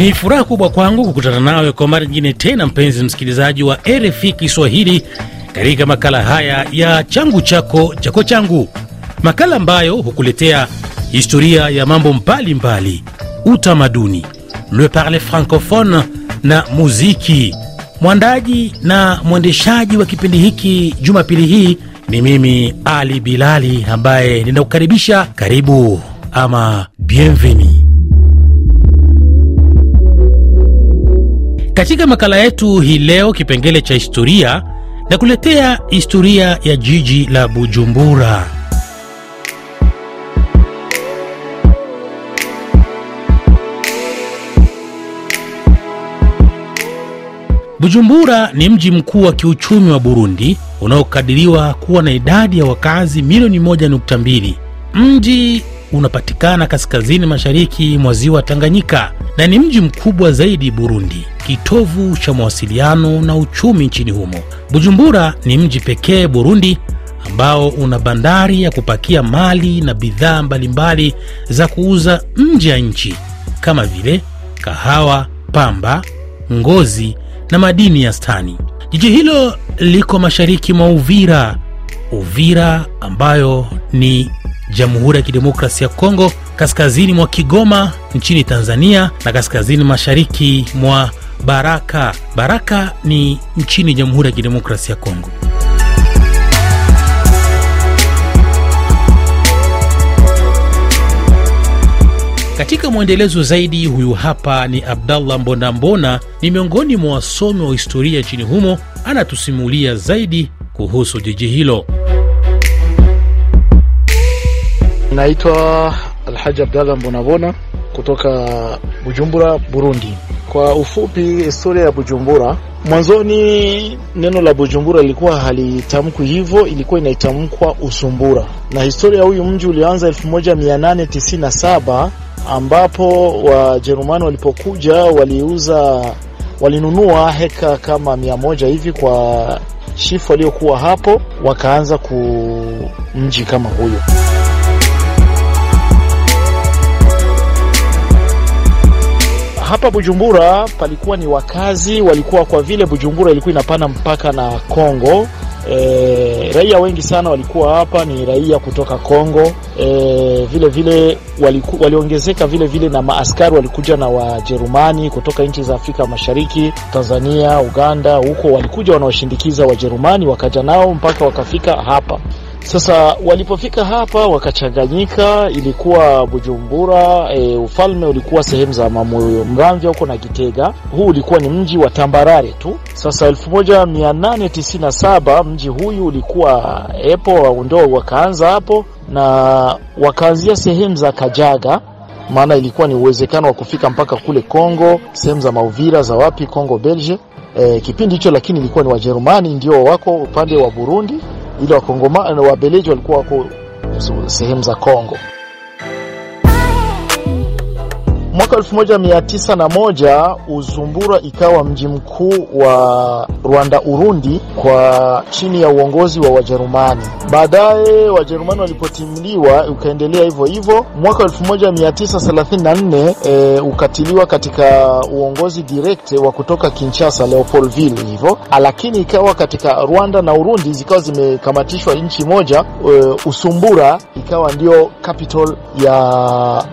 Ni furaha kubwa kwangu kukutana nawe kwa mara nyingine tena, mpenzi msikilizaji wa RFI Kiswahili, katika makala haya ya changu chako chako changu, makala ambayo hukuletea historia ya mambo mbalimbali, utamaduni, le parle francophone na muziki. Mwandaji na mwendeshaji wa kipindi hiki jumapili hii ni mimi Ali Bilali, ambaye ninakukaribisha. Karibu ama bienvenue. Katika makala yetu hii leo, kipengele cha historia, na kuletea historia ya jiji la Bujumbura. Bujumbura ni mji mkuu wa kiuchumi wa Burundi unaokadiriwa kuwa na idadi ya wakazi milioni 1.2. Mji unapatikana kaskazini mashariki mwa ziwa Tanganyika na ni mji mkubwa zaidi Burundi, kitovu cha mawasiliano na uchumi nchini humo. Bujumbura ni mji pekee Burundi ambao una bandari ya kupakia mali na bidhaa mbalimbali za kuuza nje ya nchi kama vile kahawa, pamba, ngozi na madini ya stani. Jiji hilo liko mashariki mwa Uvira, Uvira ambayo ni Jamhuri ya Kidemokrasia ya Kongo, kaskazini mwa Kigoma nchini Tanzania na kaskazini mashariki mwa Baraka. Baraka ni nchini Jamhuri ya Kidemokrasia ya Kongo. Katika mwendelezo zaidi, huyu hapa ni Abdallah Mbonambona, ni miongoni mwa wasomi wa historia nchini humo, anatusimulia zaidi kuhusu jiji hilo. Naitwa Alhaji Abdallah Mbonabona kutoka Bujumbura, Burundi. Kwa ufupi, historia ya Bujumbura. Mwanzoni neno la Bujumbura ilikuwa halitamkwi hivyo, ilikuwa inaitamkwa Usumbura, na historia ya huyu mji ulianza 1897 ambapo Wajerumani walipokuja waliuza, walinunua heka kama mia moja hivi kwa shifu aliyokuwa hapo, wakaanza ku mji kama huyo. hapa Bujumbura palikuwa ni wakazi walikuwa, kwa vile Bujumbura ilikuwa inapana mpaka na Kongo. E, raia wengi sana walikuwa hapa ni raia kutoka Kongo. E, vile vile waliku, waliongezeka vile vile na maaskari walikuja na Wajerumani kutoka nchi za Afrika Mashariki, Tanzania, Uganda, huko walikuja wanaoshindikiza Wajerumani, wakaja nao mpaka wakafika hapa. Sasa walipofika hapa wakachanganyika, ilikuwa Bujumbura. E, ufalme ulikuwa sehemu za Mamoyo, Mramvya huko na Gitega. Huu ulikuwa ni mji wa tambarare tu. Sasa 1897 mji huyu ulikuwa epo waundoa, wakaanza hapo na wakaanzia sehemu za Kajaga maana ilikuwa ni uwezekano wa kufika mpaka kule Kongo, sehemu za Mauvira za wapi Kongo Belge. E, kipindi hicho lakini ilikuwa ni Wajerumani ndio wako upande wa Burundi ila Wakongomani na Wabeleji walikuwa wako sehemu za Kongo. Mwaka 1901 Uzumbura ikawa mji mkuu wa Rwanda Urundi kwa chini ya uongozi wa Wajerumani. Baadaye Wajerumani walipotimliwa ukaendelea hivyo hivyo. Mwaka 1934 e, ukatiliwa katika uongozi direkte wa kutoka Kinshasa Leopoldville hivyo, lakini ikawa katika Rwanda na Urundi zikawa zimekamatishwa nchi moja. E, Usumbura ikawa ndio capital ya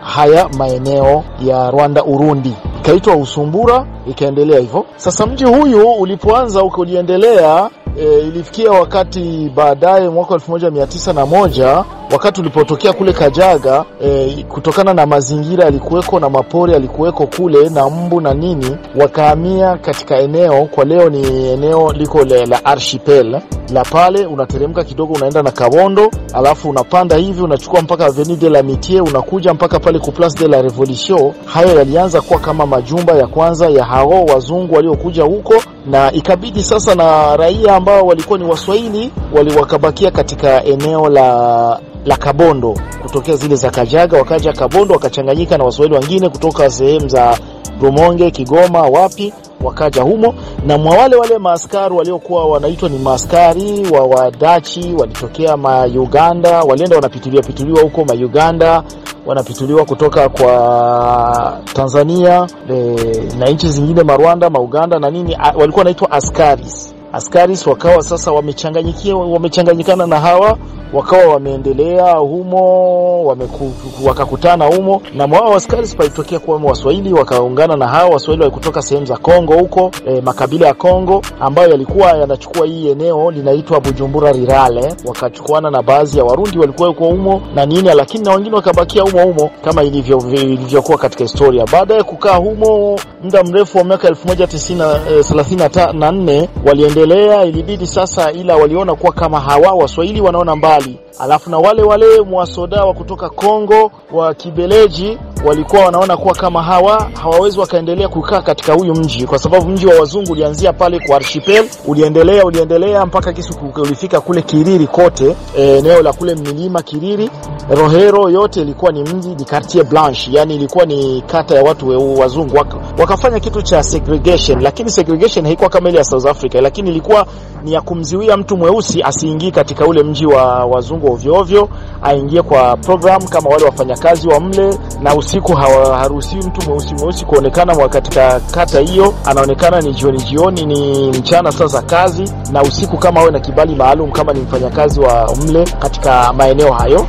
haya maeneo ya Rwanda Urundi, ikaitwa Usumbura, ikaendelea hivyo. Sasa mji huyu ulipoanza ukojiendelea, e, eh, ilifikia wakati baadaye mwaka 1901 wakati ulipotokea kule Kajaga e, kutokana na mazingira yalikuweko na mapori yalikuweko kule na mbu na nini, wakahamia katika eneo kwa leo ni eneo liko le, la archipel la pale, unateremka kidogo unaenda na Kabondo, alafu unapanda hivi unachukua mpaka Avenue de la Mitie, unakuja mpaka pale ku Place de la Revolution. Hayo yalianza kuwa kama majumba ya kwanza ya hao wazungu waliokuja huko, na ikabidi sasa na raia ambao walikuwa ni Waswahili waliwakabakia katika eneo la la Kabondo kutokea zile za Kajaga, wakaja Kabondo wakachanganyika na Waswahili wengine kutoka sehemu za Rumonge, Kigoma, wapi wakaja humo, na mwa wale wale maaskari waliokuwa wanaitwa ni maaskari wa Wadachi walitokea ma Uganda, walienda wanapituliwa pituliwa huko ma Uganda, wanapituliwa kutoka kwa Tanzania e, na nchi zingine marwanda mauganda Uganda na nini, walikuwa wanaitwa askaris askari wakawa sasa wamechanganyikia wamechanganyikana na hawa wakawa wameendelea humo wameku, wakakutana humo na mwao askari palitokea kuwa Waswahili wakaungana na hawa Waswahili walikutoka sehemu za Kongo huko e, makabila ya Kongo ambayo yalikuwa yanachukua hii eneo linaitwa Bujumbura Rirale, wakachukuana na baadhi ya Warundi walikuwa kwa humo na nini, lakini na wengine wakabakia humo humo kama ilivyokuwa ilivyo katika historia. Baada ya kukaa humo muda mrefu wa miaka 1934 eh, waliendelea kuendelea, ilibidi sasa, ila waliona kuwa kama hawa Waswahili wanaona mbali, alafu na wale wale mwasoda wa kutoka Kongo wa Kibeleji walikuwa wanaona kuwa kama hawa hawawezi wakaendelea kukaa katika huyu mji, kwa sababu mji wa wazungu ulianzia pale kwa Archipel, uliendelea uliendelea mpaka kisu ulifika kule Kiriri kote, e, eneo la kule milima Kiriri, Rohero yote ilikuwa ni mji, ni quartier blanche, yani ilikuwa ni kata ya watu weu, wazungu waka, wakafanya kitu cha segregation, lakini segregation haikuwa kama ile ya South Africa, lakini ilikuwa ni ya kumziwia mtu mweusi asiingie katika ule mji wa wazungu ovyo ovyo, aingie kwa program kama wale wafanyakazi wa mle na usiku haruhusiwi mtu mweusi mweusi kuonekana katika kata hiyo, anaonekana ni jioni jioni, ni mchana saa za kazi, na usiku kama awe na kibali maalum kama ni mfanyakazi wa mle katika maeneo hayo.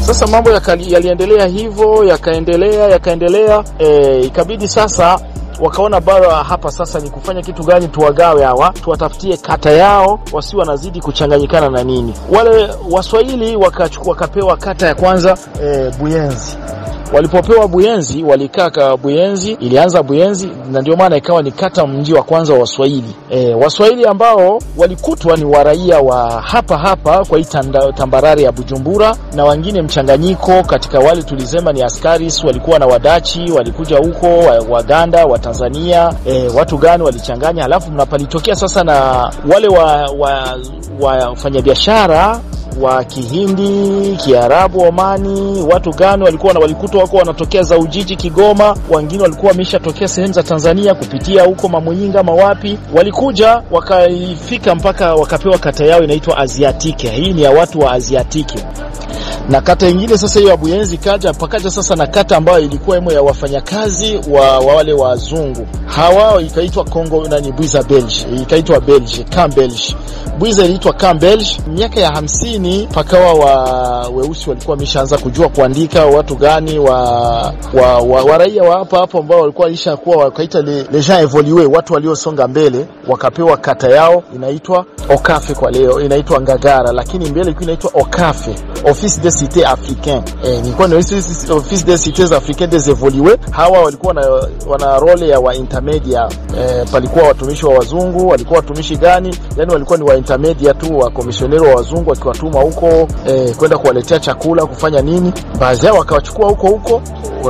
Sasa mambo yaliendelea hivyo yakaendelea yakaendelea, e, ikabidi sasa wakaona bara hapa sasa ni kufanya kitu gani, tuwagawe hawa, tuwatafutie kata yao, wasi wanazidi kuchanganyikana na nini. Wale Waswahili wakapewa kata ya kwanza e, Buyenzi Walipopewa Buyenzi walikaa ka Buyenzi, ilianza Buyenzi na ndio maana ikawa ni kata mji wa kwanza wa Waswahili. E, Waswahili ambao walikutwa ni waraia wa hapa hapa kwa hii tambarare ya Bujumbura na wengine mchanganyiko katika wale tulisema ni askari walikuwa na Wadachi, walikuja huko Waganda, Watanzania, e, watu gani walichanganya, halafu mnapalitokea sasa na wale wa wafanyabiashara wa wa Kihindi, Kiarabu, Omani, watu gani walikuwa na walikuta wako wanatokea za Ujiji, Kigoma, wengine walikuwa wameshatokea sehemu za Tanzania kupitia huko Mamwinyinga, mawapi, walikuja wakaifika mpaka wakapewa kata yao inaitwa Aziatike. Hii ni ya watu wa Aziatike na kata ingine sasa hiyo ya Buyenzi kaja pakaja sasa na kata ambayo ilikuwa emo ya wafanyakazi wa, wa wale wazungu hawa ikaitwa Kongo ni Bwiza Belge ikaitwa Belge Camp Belge Bwiza iliitwa Camp Belge miaka ya hamsini, pakawa wa weusi walikuwa wameshaanza kujua kuandika watu gani wa wa, wa, wa raia wa hapa hapo ambao walikuwa walisha kuwa wakaita le, le gens evolue watu waliosonga mbele wakapewa kata yao inaitwa Okafe kwa leo inaitwa Ngagara, lakini mbele ilikuwa inaitwa Okafe office de cités africain. E, eh, nilikuwa na ofisi des cités africain des évolués. Hawa walikuwa na, wana role ya wa intermedia e, palikuwa watumishi wa wazungu, walikuwa watumishi gani? Yani walikuwa ni wa intermedia tu wa komisioneri wa wazungu, wakiwatuma huko e, kwenda kuwaletea chakula, kufanya nini. Baadhi yao wakawachukua huko huko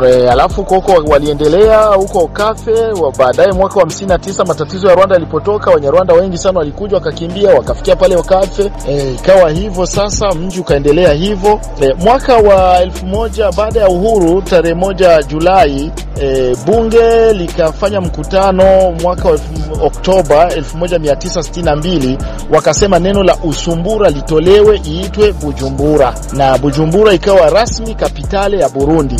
Alafu koko waliendelea huko Kafe, baadaye mwaka wa 59 matatizo ya Rwanda yalipotoka, Wanyarwanda wengi sana walikuja wakakimbia, wakafikia pale Kafe, e, ikawa e, hivyo sasa mji ukaendelea hivyo e, mwaka wa elfu moja baada ya uhuru tarehe moja Julai e, bunge likafanya mkutano mwaka wa Oktoba 1962 wakasema neno la Usumbura litolewe iitwe Bujumbura na Bujumbura ikawa rasmi kapitale ya Burundi.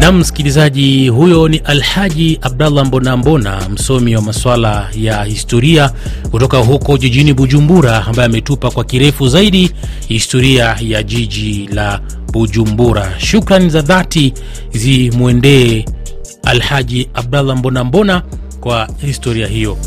Na msikilizaji huyo ni Alhaji Abdallah Mbonambona, msomi wa masuala ya historia kutoka huko jijini Bujumbura, ambaye ametupa kwa kirefu zaidi historia ya jiji la Bujumbura. Shukrani za dhati zimwendee Alhaji Abdallah Mbonambona kwa historia hiyo.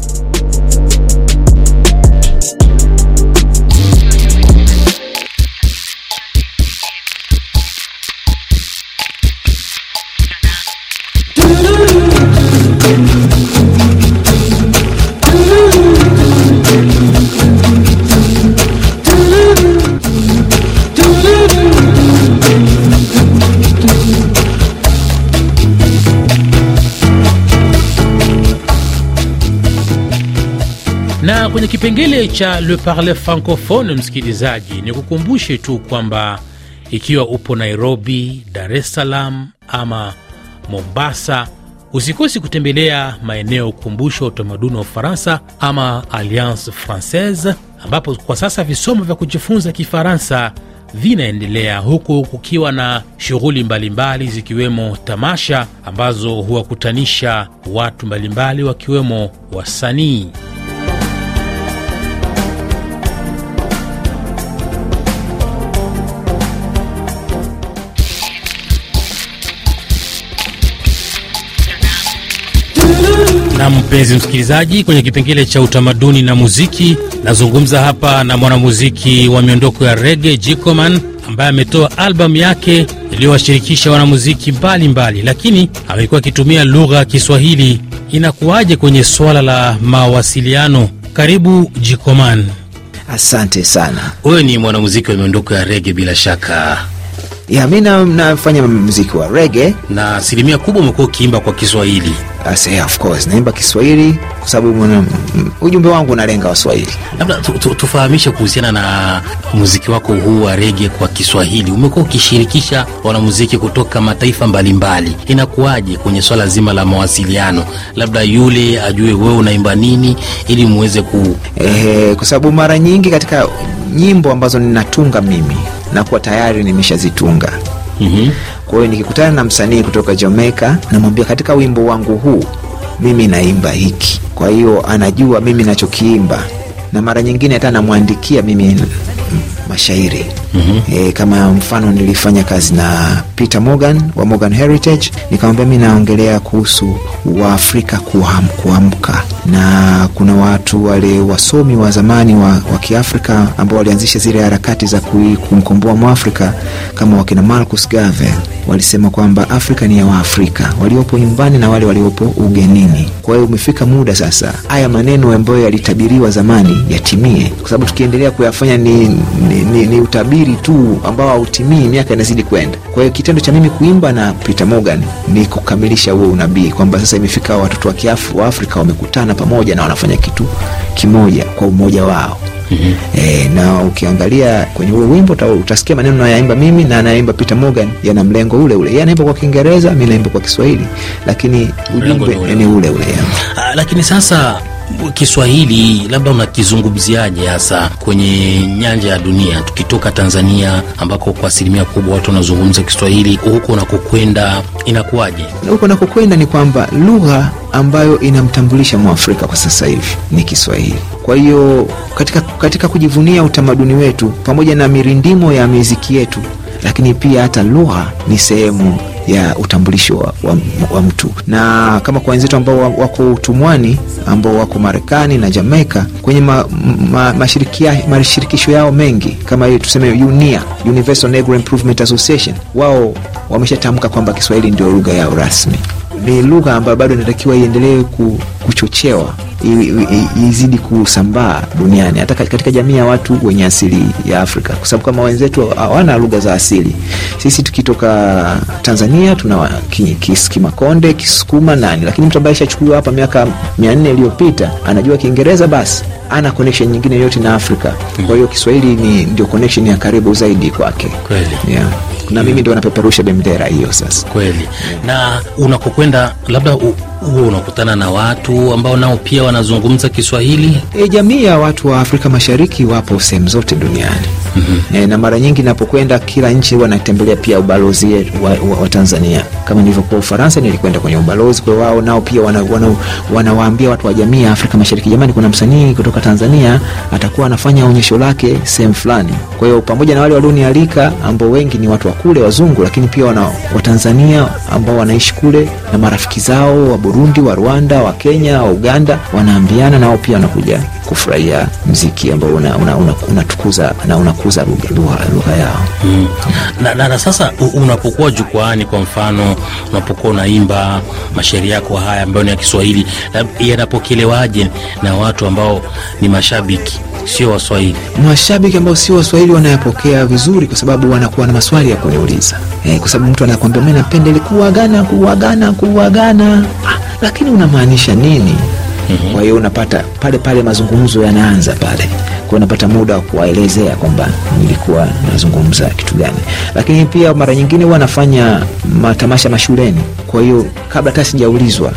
kwenye kipengele cha Le Parle Francophone, msikilizaji, ni kukumbushe tu kwamba ikiwa upo Nairobi, Dar es Salaam ama Mombasa, usikosi kutembelea maeneo wa utamaduni wa Ufaransa ama Alliance Francaise, ambapo kwa sasa visomo vya kujifunza Kifaransa vinaendelea huku kukiwa na shughuli mbalimbali zikiwemo tamasha ambazo huwakutanisha watu mbalimbali wakiwemo wasanii. Na mpenzi msikilizaji, kwenye kipengele cha utamaduni na muziki, nazungumza hapa na mwanamuziki wa miondoko ya rege Jikoman ambaye ametoa albamu yake iliyowashirikisha wanamuziki mbalimbali, lakini amekuwa akitumia lugha ya Kiswahili. Inakuwaje kwenye swala la mawasiliano? Karibu Jikoman. Asante sana. Wewe ni mwanamuziki wa miondoko ya rege bila shaka ya mi nafanya muziki wa rege, na asilimia kubwa umekuwa ukiimba kwa Kiswahili. Yeah, of course naimba Kiswahili kwa sababu ujumbe wangu unalenga Waswahili. Labda tufahamishe kuhusiana na muziki wako huu wa rege kwa Kiswahili. Umekuwa ukishirikisha wanamuziki kutoka mataifa mbalimbali, inakuwaje kwenye swala zima la mawasiliano? Labda yule ajue wewe unaimba nini ili muweze ku eh, kwa sababu mara nyingi katika nyimbo ambazo ninatunga mimi nakuwa tayari nimeshazitunga mm -hmm. Kwa hiyo nikikutana na msanii kutoka Jamaica namwambia katika wimbo wangu huu mimi naimba hiki, kwa hiyo anajua mimi nachokiimba, na mara nyingine hata namwandikia mimi mashairi mm -hmm. E, kama mfano nilifanya kazi na Peter Morgan wa Morgan Heritage, nikamwambia mi naongelea kuhusu Waafrika kuham, kuamka na kuna watu wale wasomi wa zamani wa, wa Kiafrika ambao walianzisha zile harakati za kumkomboa Mwafrika kama wakina Marcus Garvey walisema kwamba Afrika ni ya Waafrika waliopo nyumbani na wale waliopo ugenini. Kwa hiyo umefika muda sasa haya maneno ambayo yalitabiriwa zamani yatimie, kwa sababu tukiendelea kuyafanya ni ni, ni, ni utabiri tu ambao hautimii, miaka inazidi kwenda. Kwa hiyo kitendo cha mimi kuimba na Peter Morgan ni kukamilisha huo unabii kwamba sasa imefika watoto wa Kiafrika wa Afrika wamekutana pamoja na wanafanya kitu kimoja kwa umoja wao. Mm -hmm. E, na ukiangalia kwenye ule wimbo utasikia maneno nayaimba mimi na anaimba Peter Morgan yana mlengo ule ule. Yeye anaimba kwa Kiingereza, mimi naimba kwa Kiswahili, lakini ujumbe ni ule ule. Ah, lakini sasa Kiswahili labda unakizungumziaje hasa kwenye nyanja ya dunia, tukitoka Tanzania ambako kwa asilimia kubwa watu wanazungumza Kiswahili, huko unakokwenda inakuwaje? Huko unakokwenda ni kwamba lugha ambayo inamtambulisha Mwafrika kwa sasa hivi ni Kiswahili. Kwa hiyo katika, katika kujivunia utamaduni wetu pamoja na mirindimo ya miziki yetu, lakini pia hata lugha ni sehemu ya utambulisho wa, wa, wa mtu, na kama kwa wenzetu ambao wako utumwani ambao wako Marekani na jamaika kwenye ma, ma, mashirikisho yao mengi kama hiyo tuseme UNIA, Universal Negro Improvement Association, wao wameshatamka kwamba Kiswahili ndio lugha yao rasmi. Ni lugha ambayo bado inatakiwa iendelee kuchochewa izidi kusambaa duniani hata katika jamii ya watu wenye asili ya Afrika, kwa sababu kama wenzetu hawana lugha za asili. Sisi tukitoka Tanzania tuna Kimakonde, ki, ki, Kisukuma nani, lakini mtu ambaye ishachukuliwa hapa miaka mia nne iliyopita anajua Kiingereza basi ana connection nyingine yote na Afrika. Kwa hiyo Kiswahili ni ndio connection ya karibu zaidi kwake. Kweli. Yeah na mimi ndio napeperusha bendera hiyo sasa. Kweli. Na unakokwenda labda huo unakutana na watu ambao nao pia wanazungumza Kiswahili? E, jamii ya watu wa Afrika Mashariki wapo sehemu zote duniani. Mm -hmm. E, na mara nyingi napokwenda kila nchi wanatembelea pia ubalozi wa, wa, wa Tanzania kama nilivyokuwa Ufaransa, nilikwenda kwenye ubalozi kwa wao, nao pia wanawaambia wana, wana watu wa jamii ya Afrika Mashariki, jamani, kuna msanii kutoka Tanzania atakuwa anafanya onyesho lake sehemu fulani. Kwa hiyo pamoja na wale walionialika ambao wengi ni watu wa kule wazungu, lakini pia wana Watanzania ambao wanaishi kule na marafiki zao wa Burundi, wa Rwanda, wa Kenya, wa Uganda, wanaambiana nao pia wanakuja kufurahia mziki ambao unatukuza una, una, una na unakuza lugha yao mm. na, na, na sasa unapokuwa jukwaani kwa mfano unapokuwa unaimba mashairi yako haya ambayo ni ya Kiswahili, yanapokelewaje na watu ambao ni mashabiki sio Waswahili? Mashabiki ambao sio Waswahili wanayapokea vizuri, kwa sababu wanakuwa na maswali ya kuniuliza eh, kwa sababu mtu anakuambia mimi napenda ile kuagana kuagana kuagana, ah, lakini unamaanisha nini? mm -hmm. Kwa hiyo unapata pale pale mazungumzo yanaanza pale nilikuwa napata muda wa kuwaelezea kwamba nilikuwa nazungumza kitu gani. Lakini pia mara nyingine huwa nafanya matamasha mashuleni, kwa hiyo kabla hata sijaulizwa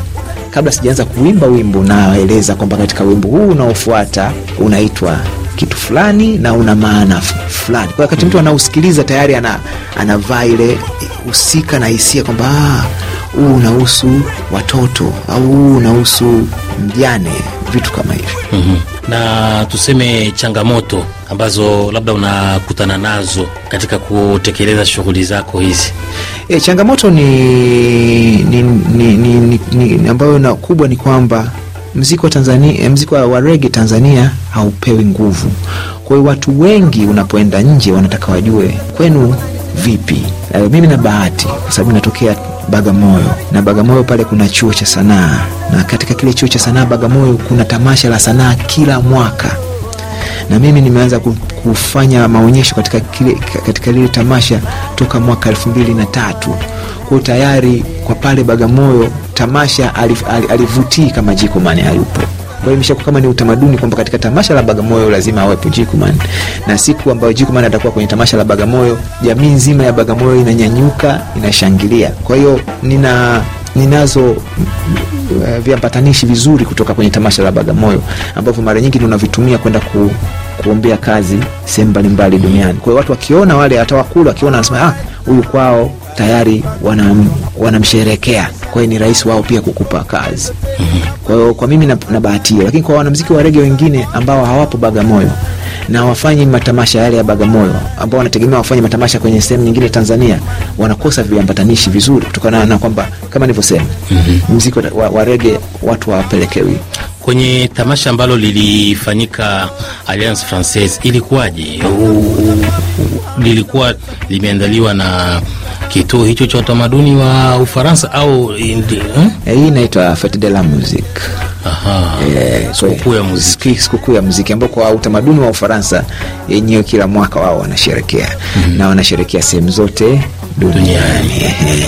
kabla sijaanza kuimba wimbo naeleza kwamba katika wimbo huu unaofuata unaitwa kitu fulani na una maana fulani. Kwa wakati mtu anausikiliza tayari ana, anavaa ile husika na hisia kwamba ah, huu unahusu watoto au huu unahusu mjane vitu kama hivyo mm -hmm. Na tuseme changamoto ambazo labda unakutana nazo katika kutekeleza shughuli zako hizi. E, changamoto ni, ni, ni, ni, ni, ni ambayo na kubwa ni kwamba mziki wa Tanzania, eh, mziki wa rege Tanzania haupewi nguvu. Kwa hiyo watu wengi unapoenda nje wanataka wajue kwenu vipi? E, mimi na bahati kwa sababu natokea Bagamoyo na Bagamoyo pale kuna chuo cha sanaa, na katika kile chuo cha sanaa Bagamoyo kuna tamasha la sanaa kila mwaka, na mimi nimeanza kufanya maonyesho katika kile katika lile tamasha toka mwaka elfu mbili na tatu kwa tayari kwa pale Bagamoyo tamasha alivutii kama Jiko Mane hayupo. Kwa hiyo imeshakuwa kama ni utamaduni kwamba katika tamasha la Bagamoyo lazima awepo Jikuman, na siku ambayo Jikuman atakuwa kwenye tamasha la Bagamoyo, jamii nzima ya Bagamoyo inanyanyuka, inashangilia. Kwa hiyo nina ninazo uh, viambatanishi vizuri kutoka kwenye tamasha la Bagamoyo ambavyo mara nyingi tunavitumia kwenda ku, kuombea kazi sehemu mbalimbali duniani. Kwa hiyo watu wakiona wale hata wakulu wakiona wanasema ah, huyu kwao tayari wanam, wanamsherekea kwa hiyo ni rahisi wao pia kukupa kazi. Kwa hiyo kwa mimi nabahatia na, lakini kwa wanamziki wa rege wengine ambao hawapo Bagamoyo na wafanyi matamasha yale ya Bagamoyo ambao wanategemea wafanye matamasha kwenye sehemu nyingine Tanzania, wanakosa viambatanishi vizuri kutokana na kwamba kama nilivyosema, mm -hmm. mziki wa, wa rege watu hawapelekewi kwenye tamasha ambalo lilifanyika Alliance Francaise. Ilikuwaje? lilikuwa limeandaliwa na kituo hicho cha utamaduni wa Ufaransa au eh? Eh, hii eh, inaitwa Fete de la Musique. Aha. Eh, sikukuu ya muziki, ambao ya muziki ambayo kwa utamaduni wa Ufaransa yenyewe kila mwaka wao wanasherekea mm -hmm. na wanasherekea sehemu zote duniani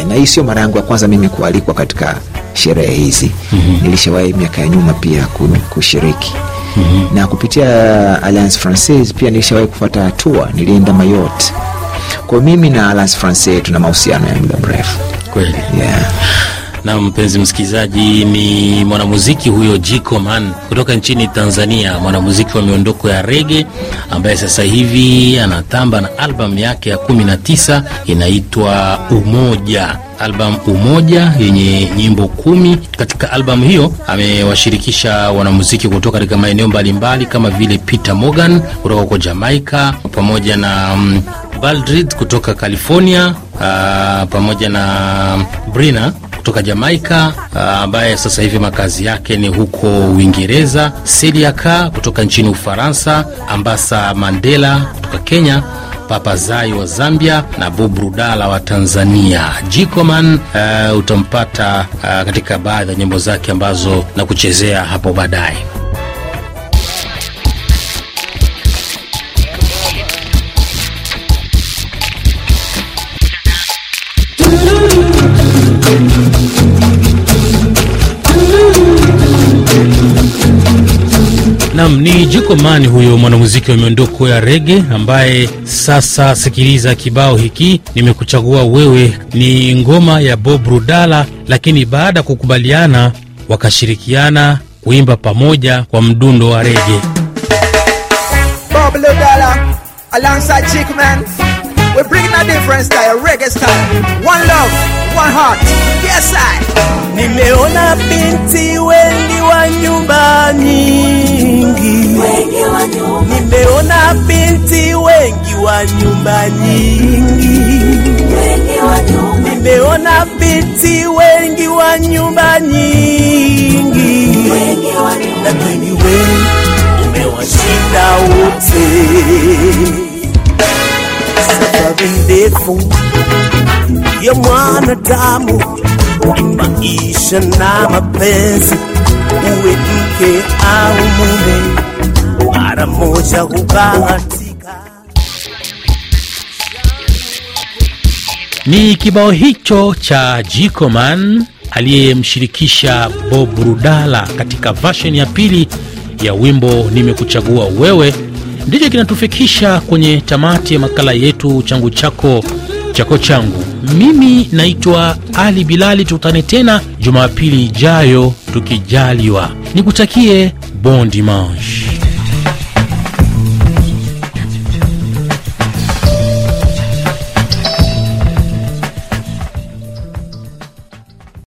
na hii sio mara yangu ya kwanza mimi kualikwa katika sherehe hizi mm -hmm. nilishawahi miaka ya nyuma pia kushiriki -hmm. na kupitia uh, Alliance Francaise pia nilishawahi kufata hatua, nilienda Mayotte. Kwa mimi na Alliance Francaise tuna mahusiano ya muda mrefu kweli, yeah. Na mpenzi msikilizaji, ni mwanamuziki huyo Jiko Man kutoka nchini Tanzania, mwanamuziki wa miondoko ya rege ambaye sasa hivi anatamba na albamu yake ya 19 inaitwa Umoja albamu Umoja yenye nyimbo kumi. Katika albamu hiyo amewashirikisha wanamuziki kutoka katika maeneo mbalimbali kama vile Peter Morgan kutoka huko Jamaica pamoja na um, mm, Baldrid kutoka California, uh, pamoja na mm, Brina kutoka Jamaika ah, ambaye sasa hivi makazi yake ni huko Uingereza, Sediaka kutoka nchini Ufaransa, Ambasa Mandela kutoka Kenya, Papa Zai wa Zambia na Bob Rudala wa Tanzania. Jikoman uh, utampata uh, katika baadhi ya nyimbo zake ambazo na kuchezea hapo baadaye. Nam ni Jukomani, huyo mwanamuziki wa miondoko ya rege ambaye sasa. Sikiliza kibao hiki, nimekuchagua wewe, ni ngoma ya Bob Rudala, lakini baada ya kukubaliana wakashirikiana kuimba pamoja kwa mdundo wa rege. Bob Rudala we bring a different style, reggae style, one love, one heart. Yes I nimeona binti we wa nyumba nyingi, nimeona binti wengi wa nyumba nyingi, lakini wewe umewashinda wote. Safari ndefu ya mwanadamu, maisha na mapenzi, uwe mke au mume, mara moja hubahati Ni kibao hicho cha Jikoman aliyemshirikisha Bob Rudala katika vashen ya pili ya wimbo Nimekuchagua Wewe, ndicho kinatufikisha kwenye tamati ya makala yetu changu chako chako changu. Mimi naitwa Ali Bilali, tukutane tena Jumapili ijayo tukijaliwa. Nikutakie bon dimanche.